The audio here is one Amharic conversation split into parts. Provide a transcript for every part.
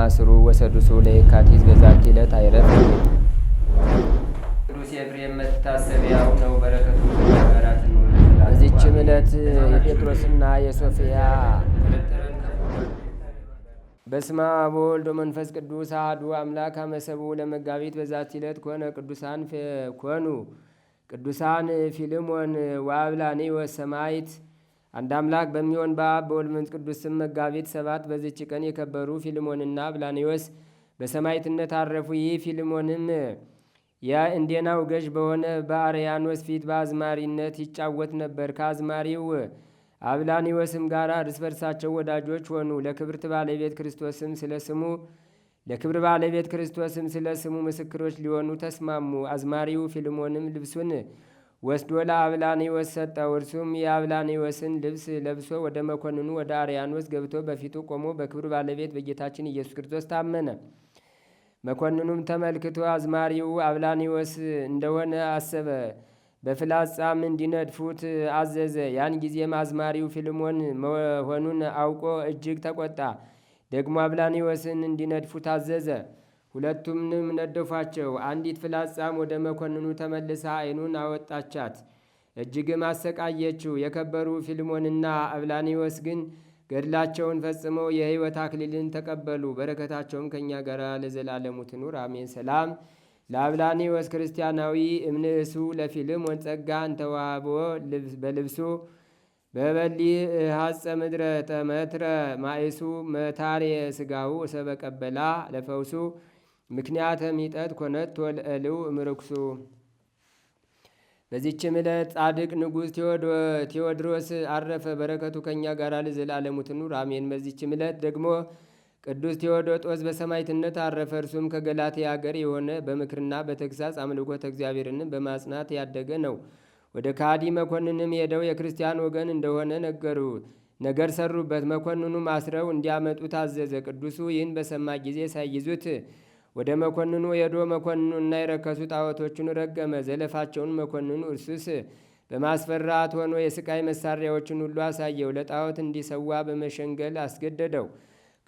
ማስሩ ወሰዱሱ ለየካቲት በዛቲ ዕለት አይረፍ። ቅዱስ ኤፍሬም መታሰቢያው ነው። በረከቱ በዚችም ዕለት የጴጥሮስና የሶፊያ በስማ በወልድ መንፈስ ቅዱስ አሐዱ አምላክ አመሰቡ ለመጋቢት በዛት ዕለት ኮነ ቅዱሳን ኮኑ ቅዱሳን ፊልሞን ዋብላኔ ወሰማይት አንድ አምላክ በሚሆን በአብ በወልድ በመንፈስ ቅዱስ ስም መጋቢት ሰባት በዚች ቀን የከበሩ ፊልሞንና ብላኒዎስ በሰማዕትነት አረፉ። ይህ ፊልሞንም የእንዴናው ገዥ በሆነ በአርያኖስ ፊት በአዝማሪነት ይጫወት ነበር። ከአዝማሪው አብላኒዎስም ጋር እርስ በርሳቸው ወዳጆች ሆኑ። ለክብርት ባለቤት ክርስቶስም ስለ ስሙ ለክብር ባለቤት ክርስቶስም ስለ ስሙ ምስክሮች ሊሆኑ ተስማሙ። አዝማሪው ፊልሞንም ልብሱን ወስዶ ለአብላኒወስ ሰጠው። እርሱም የአብላኒወስን ልብስ ለብሶ ወደ መኮንኑ ወደ አርያኖስ ገብቶ በፊቱ ቆሞ በክብር ባለቤት በጌታችን ኢየሱስ ክርስቶስ ታመነ። መኮንኑም ተመልክቶ አዝማሪው አብላኒወስ እንደሆነ አሰበ። በፍላጻም እንዲነድፉት አዘዘ። ያን ጊዜም አዝማሪው ፊልሞን መሆኑን አውቆ እጅግ ተቆጣ። ደግሞ አብላኒወስን እንዲነድፉት አዘዘ። ሁለቱምንም ነደፏቸው። አንዲት ፍላጻም ወደ መኮንኑ ተመልሳ ዓይኑን አወጣቻት፣ እጅግም አሰቃየችው። የከበሩ ፊልሞንና አብላኒዎስ ግን ገድላቸውን ፈጽመው የሕይወት አክሊልን ተቀበሉ። በረከታቸውም ከእኛ ጋር ለዘላለሙ ትኑር አሜን። ሰላም ለአብላኒዎስ ክርስቲያናዊ እምንእሱ ለፊልም ወንጸጋ እንተዋህቦ በልብሶ በበሊ ሀፀ ምድረ ተመትረ ማእሱ መታሬ ስጋው ሰበቀበላ ለፈውሱ ምክንያተ ሚጠት ኮነት ለእልው ምርኩሱ። በዚችም ዕለት ጻድቅ ንጉሥ ቴዎድሮስ አረፈ። በረከቱ ከእኛ ጋር ለዘላለሙ ትኑር አሜን። በዚችም ዕለት ደግሞ ቅዱስ ቴዎዶጦስ በሰማይትነት አረፈ። እርሱም ከገላቴ አገር የሆነ በምክርና በተግሳጽ አምልኮተ እግዚአብሔርንም በማጽናት ያደገ ነው። ወደ ካዲ መኮንንም ሄደው የክርስቲያን ወገን እንደሆነ ነገሩ ነገር ሰሩበት። መኮንኑም አስረው እንዲያመጡ ታዘዘ። ቅዱሱ ይህን በሰማ ጊዜ ሳይይዙት ወደ መኮንኑ ሄዶ መኮንኑ እና የረከሱ ጣዖቶቹን ረገመ። ዘለፋቸውን መኮንኑ እርሱስ በማስፈራት ሆኖ የስቃይ መሳሪያዎችን ሁሉ አሳየው። ለጣዖት እንዲሰዋ በመሸንገል አስገደደው።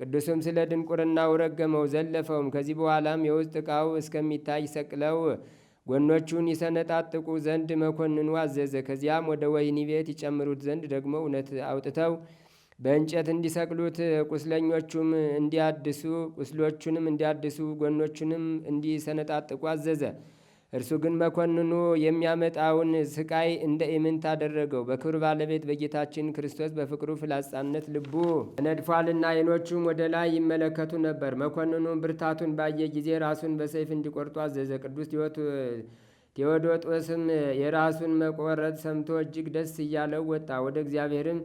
ቅዱስም ስለ ድንቁርናው ረገመው፣ ዘለፈውም። ከዚህ በኋላም የውስጥ ዕቃው እስከሚታይ ሰቅለው ጎኖቹን ይሰነጣጥቁ ዘንድ መኮንኑ አዘዘ። ከዚያም ወደ ወህኒ ቤት ይጨምሩት ዘንድ ደግሞ እውነት አውጥተው በእንጨት እንዲሰቅሉት ቁስለኞቹም እንዲያድሱ ቁስሎቹንም እንዲያድሱ ጎኖቹንም እንዲሰነጣጥቁ አዘዘ። እርሱ ግን መኮንኑ የሚያመጣውን ስቃይ እንደ ኢምንት አደረገው። በክብር ባለቤት በጌታችን ክርስቶስ በፍቅሩ ፍላጻነት ልቡ ነድፏልና አይኖቹም ወደ ላይ ይመለከቱ ነበር። መኮንኑም ብርታቱን ባየ ጊዜ ራሱን በሰይፍ እንዲቆርጡ አዘዘ። ቅዱስ ቴዎዶጦስም የራሱን መቆረጥ ሰምቶ እጅግ ደስ እያለው ወጣ ወደ እግዚአብሔርም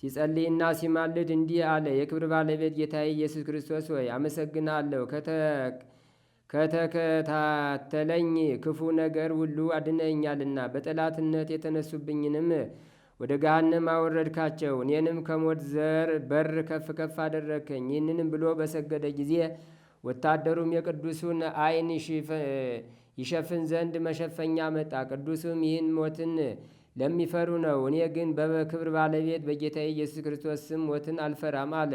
ሲጸልይና ሲማልድ እንዲህ አለ። የክብር ባለቤት ጌታዬ ኢየሱስ ክርስቶስ ሆይ አመሰግናለሁ። ከተከታተለኝ ክፉ ነገር ሁሉ አድነኛልና በጠላትነት የተነሱብኝንም ወደ ገሃነም አወረድካቸው። እኔንም ከሞት ዘር በር ከፍ ከፍ አደረከኝ። ይህንንም ብሎ በሰገደ ጊዜ ወታደሩም የቅዱሱን ዓይን ይሸፍን ዘንድ መሸፈኛ መጣ። ቅዱሱም ይህን ሞትን ለሚፈሩ ነው። እኔ ግን በክብር ባለቤት በጌታ ኢየሱስ ክርስቶስ ስም ሞትን አልፈራም አለ።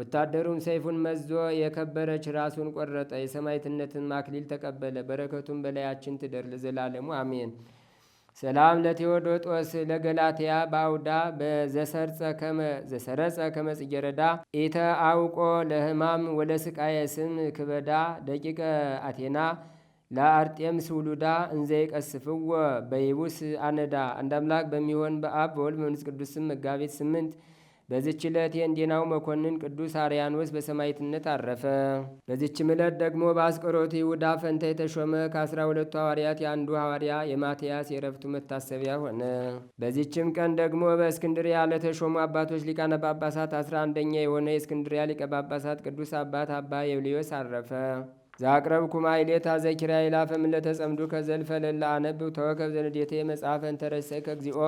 ወታደሩም ሰይፉን መዞ የከበረች ራሱን ቆረጠ፣ የሰማዕትነትን አክሊል ተቀበለ። በረከቱም በላያችን ትደር ለዘላለሙ አሜን። ሰላም ለቴዎዶጦስ ለገላትያ በአውዳ ዘሰረጸ ከመጽጌረዳ ኢተ አውቆ ለሕማም ወለስቃየ ስም ክበዳ ደቂቀ አቴና ለአርጤምስ ውሉዳ እንዘይቀስፍዎ በይቡስ አነዳ። አንድ አምላክ በሚሆን በአብ በወልድ በመንፈስ ቅዱስ መጋቤት መጋቢት ስምንት በዚች ዕለት የእንዴናው መኮንን ቅዱስ አርያኖስ በሰማይትነት አረፈ። በዚችም ዕለት ደግሞ በአስቆሮቱ ይሁዳ ፈንታ የተሾመ ከአስራ ሁለቱ ሐዋርያት የአንዱ ሐዋርያ የማትያስ የረፍቱ መታሰቢያ ሆነ። በዚችም ቀን ደግሞ በእስክንድሪያ ለተሾሙ አባቶች ሊቃነ ጳጳሳት አስራ አንደኛ የሆነ የእስክንድሪያ ሊቀ ጳጳሳት ቅዱስ አባት አባ የብልዮስ አረፈ። ዛቅረብኩ ማይሌታ ዘኪርያ ይላፈም ለተጸምዱ ከዘልፈ ለላ አነብብ ተወከብ ዘንዴቴ መጽሐፈን ተረሰ ከግዚኦ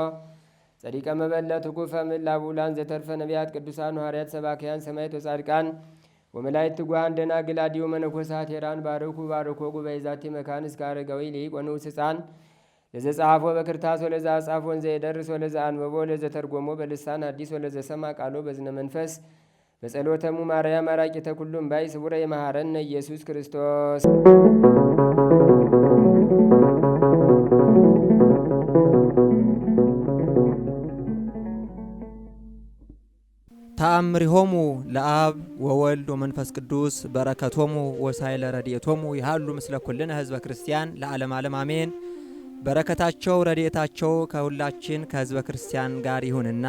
ጸዲቀ መበለት ጉፈም ላቡላን ዘተርፈ ነቢያት ቅዱሳን ሐዋርያት ሰባኪያን ሰማይ ወጻድቃን ወመላይት ትጓን ደና ግላዲዮ መነኮሳት ሄራን ባርኩ ባርኮ ጉባኤ ዛቲ መካን እስከ አረጋዊ ሊቅ ወንዑስ ሕፃን በክርታስ ወለዛ ጻፎ ወንዘ የደርስ ወለዛ አንበቦ ወለዘ ተርጎሞ በልሳን አዲስ ወለዘ ሰማ ቃሎ በዝነ መንፈስ በጸሎተሙ ማርያም አራቂ ተኩሉም ባይ ስቡረ የመሐረነ ኢየሱስ ክርስቶስ ተአምሪሆሙ ለአብ ወወልድ ወመንፈስ ቅዱስ በረከቶሙ ወሳይለ ረድኤቶሙ ይሃሉ ምስለ ኩልነ ህዝበ ክርስቲያን ለዓለም ዓለም አሜን። በረከታቸው ረድኤታቸው ከሁላችን ከህዝበ ክርስቲያን ጋር ይሁንና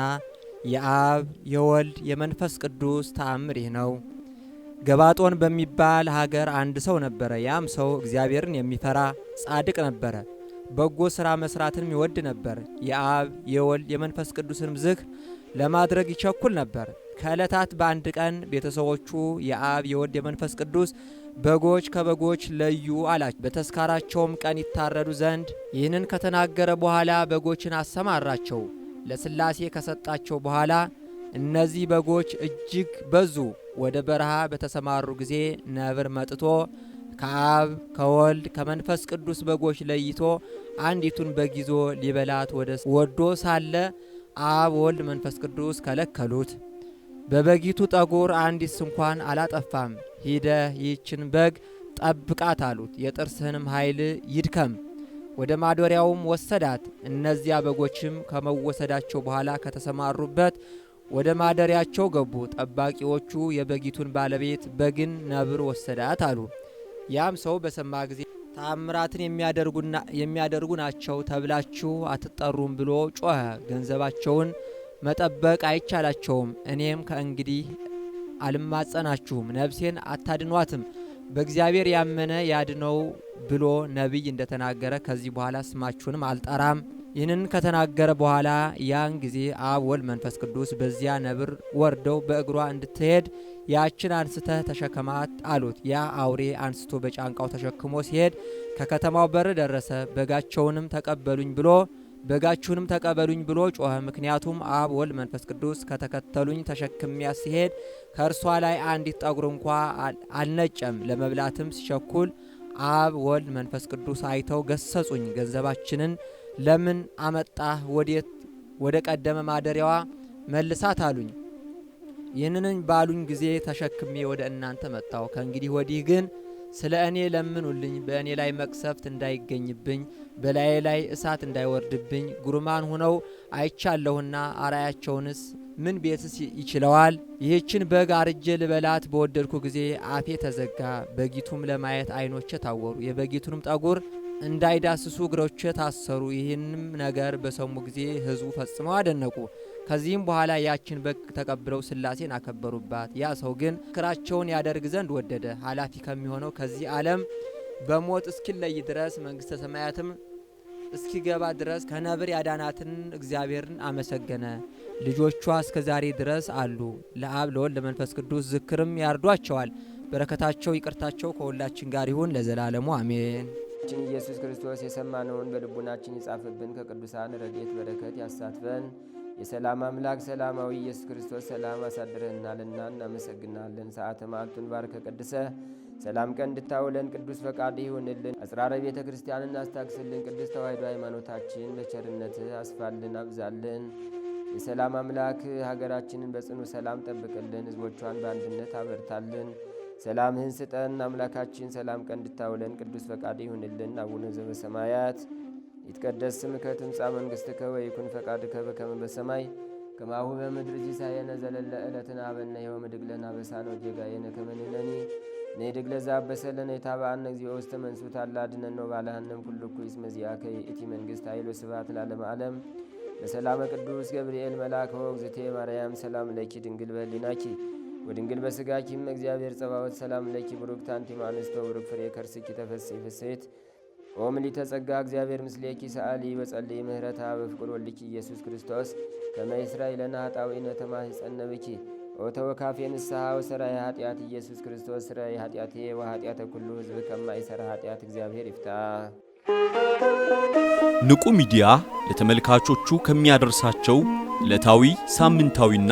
የአብ የወልድ የመንፈስ ቅዱስ ተአምር ይህ ነው። ገባጦን በሚባል ሀገር አንድ ሰው ነበረ። ያም ሰው እግዚአብሔርን የሚፈራ ጻድቅ ነበረ። በጎ ስራ መሥራትንም ይወድ ነበር። የአብ የወልድ የመንፈስ ቅዱስንም ዝክር ለማድረግ ይቸኩል ነበር። ከዕለታት በአንድ ቀን ቤተሰቦቹ የአብ የወልድ የመንፈስ ቅዱስ በጎች ከበጎች ለዩ አላቸው። በተስካራቸውም ቀን ይታረዱ ዘንድ ይህንን ከተናገረ በኋላ በጎችን አሰማራቸው። ለስላሴ ከሰጣቸው በኋላ እነዚህ በጎች እጅግ በዙ። ወደ በረሃ በተሰማሩ ጊዜ ነብር መጥቶ ከአብ ከወልድ ከመንፈስ ቅዱስ በጎች ለይቶ አንዲቱን በግ ይዞ ሊበላት ወዶ ሳለ አብ ወልድ መንፈስ ቅዱስ ከለከሉት። በበጊቱ ጠጉር አንዲት እንኳን አላጠፋም። ሂደ ይህችን በግ ጠብቃት አሉት። የጥርስህንም ኃይል ይድከም ወደ ማደሪያውም ወሰዳት። እነዚያ በጎችም ከመወሰዳቸው በኋላ ከተሰማሩበት ወደ ማደሪያቸው ገቡ። ጠባቂዎቹ የበጊቱን ባለቤት በግን ነብር ወሰዳት አሉ። ያም ሰው በሰማ ጊዜ ታምራትን የሚያደርጉ ናቸው ተብላችሁ አትጠሩም ብሎ ጮኸ። ገንዘባቸውን መጠበቅ አይቻላቸውም። እኔም ከእንግዲህ አልማጸናችሁም፣ ነፍሴን አታድኗትም በእግዚአብሔር ያመነ ያድነው ብሎ ነቢይ እንደተናገረ ከዚህ በኋላ ስማችሁንም አልጠራም። ይህንን ከተናገረ በኋላ ያን ጊዜ አብ ወልድ መንፈስ ቅዱስ በዚያ ነብር ወርደው በእግሯ እንድትሄድ ያችን አንስተህ ተሸከማት አሉት። ያ አውሬ አንስቶ በጫንቃው ተሸክሞ ሲሄድ ከከተማው በር ደረሰ። በጋቸውንም ተቀበሉኝ ብሎ በጋችሁንም ተቀበሉኝ ብሎ ጮኸ። ምክንያቱም አብ ወልድ፣ መንፈስ ቅዱስ ከተከተሉኝ ተሸክሚያ ሲሄድ ከእርሷ ላይ አንዲት ጠጉር እንኳ አልነጨም። ለመብላትም ሲቸኩል አብ ወልድ፣ መንፈስ ቅዱስ አይተው ገሰጹኝ። ገንዘባችንን ለምን አመጣህ? ወዴት ወደ ቀደመ ማደሪያዋ መልሳት አሉኝ። ይህንን ባሉኝ ጊዜ ተሸክሜ ወደ እናንተ መጣሁ። ከእንግዲህ ወዲህ ግን ስለ እኔ ለምኑልኝ፣ በእኔ ላይ መቅሰፍት እንዳይገኝብኝ፣ በላዬ ላይ እሳት እንዳይወርድብኝ። ጉርማን ሆነው አይቻለሁና አራያቸውንስ ምን ቤትስ ይችለዋል? ይህችን በግ አርጄ ልበላት በወደድኩ ጊዜ አፌ ተዘጋ፣ በጊቱም ለማየት ዓይኖቼ ታወሩ፣ የበጊቱንም ጠጉር እንዳይዳስሱ እግሮቼ ታሰሩ። ይህንም ነገር በሰሙ ጊዜ ሕዝቡ ፈጽመው አደነቁ። ከዚህም በኋላ ያችን በግ ተቀብለው ስላሴን አከበሩባት። ያ ሰው ግን ክራቸውን ያደርግ ዘንድ ወደደ። ኃላፊ ከሚሆነው ከዚህ ዓለም በሞት እስኪለይ ድረስ መንግሥተ ሰማያትም እስኪገባ ድረስ ከነብር ያዳናትን እግዚአብሔርን አመሰገነ። ልጆቿ እስከ ዛሬ ድረስ አሉ። ለአብ ለወልድ ለመንፈስ ቅዱስ ዝክርም ያርዷቸዋል። በረከታቸው ይቅርታቸው ከሁላችን ጋር ይሁን ለዘላለሙ አሜን። ችን ኢየሱስ ክርስቶስ የሰማነውን በልቡናችን ይጻፍብን፣ ከቅዱሳን ረድኤት በረከት ያሳትፈን። የሰላም አምላክ ሰላማዊ ኢየሱስ ክርስቶስ ሰላም አሳድረህናልና እናመሰግናለን። ሰዓተ ማልቱን ባርከ ቀድሰ ሰላም ቀን እንድታውለን ቅዱስ ፈቃድ ይሁንልን። አጽራረ ቤተ ክርስቲያን እናስታክስልን። ቅዱስ ተዋሕዶ ሃይማኖታችን በቸርነት አስፋልን፣ አብዛልን። የሰላም አምላክ ሀገራችንን በጽኑ ሰላም ጠብቅልን፣ ህዝቦቿን በአንድነት አበርታልን። ሰላምህን ስጠን አምላካችን፣ ሰላም ቀን እንድታውለን ቅዱስ ፈቃድ ይሁንልን። አቡነ ዘበሰማያት ይትቀደስ ስምከ ትምጻእ መንግሥትከ ወይኩን ፈቃድከ በከመ በሰማይ ከማሁ በምድር ሲሳየነ ዘለለ ዕለትነ ሀበነ ዮም ወኅድግ ለነ አበሳነ ወጌጋየነ ከመ ንሕነኒ ንኅድግ ለዘአበሰ ለነ የታብአነ እግዚኦ ውስተ መንሱት አላ አድኅነነ ኩሉ እኩይ እስመ ዚአከ ይእቲ መንግሥት ኃይል ወስብሐት ለዓለመ ዓለም በሰላመ ቅዱስ ገብርኤል መልአክ ሆ እግዝእትየ ማርያም ሰላም ለኪ ድንግል በኅሊናኪ ወድንግል በስጋኪም እግዚአብሔር ጸባወት ሰላም ለኪ ብሩክት አንቲ እምአንስቶ ብሩክ ፍሬ ከርስኪ ተፈሥሒ ፍሴት ኦም ምልዕተ ጸጋ እግዚአብሔር ምስሌኪ ሰአሊ በጸልይ ምህረታ በፍቅር ወልኪ ኢየሱስ ክርስቶስ ከመ ይሥራይ ለነ ኃጣውኢነ ተማኅፀነ ብኪ ኦ ተወካፌ ወሰራይ ኃጢአት ኢየሱስ ክርስቶስ ስራይ ኃጢአቴ ወኃጢአተ ኩሉ ህዝብ ከማይሰራ ኃጢአት እግዚአብሔር ይፍታ። ንቁ ሚዲያ ለተመልካቾቹ ከሚያደርሳቸው ዕለታዊ ሳምንታዊና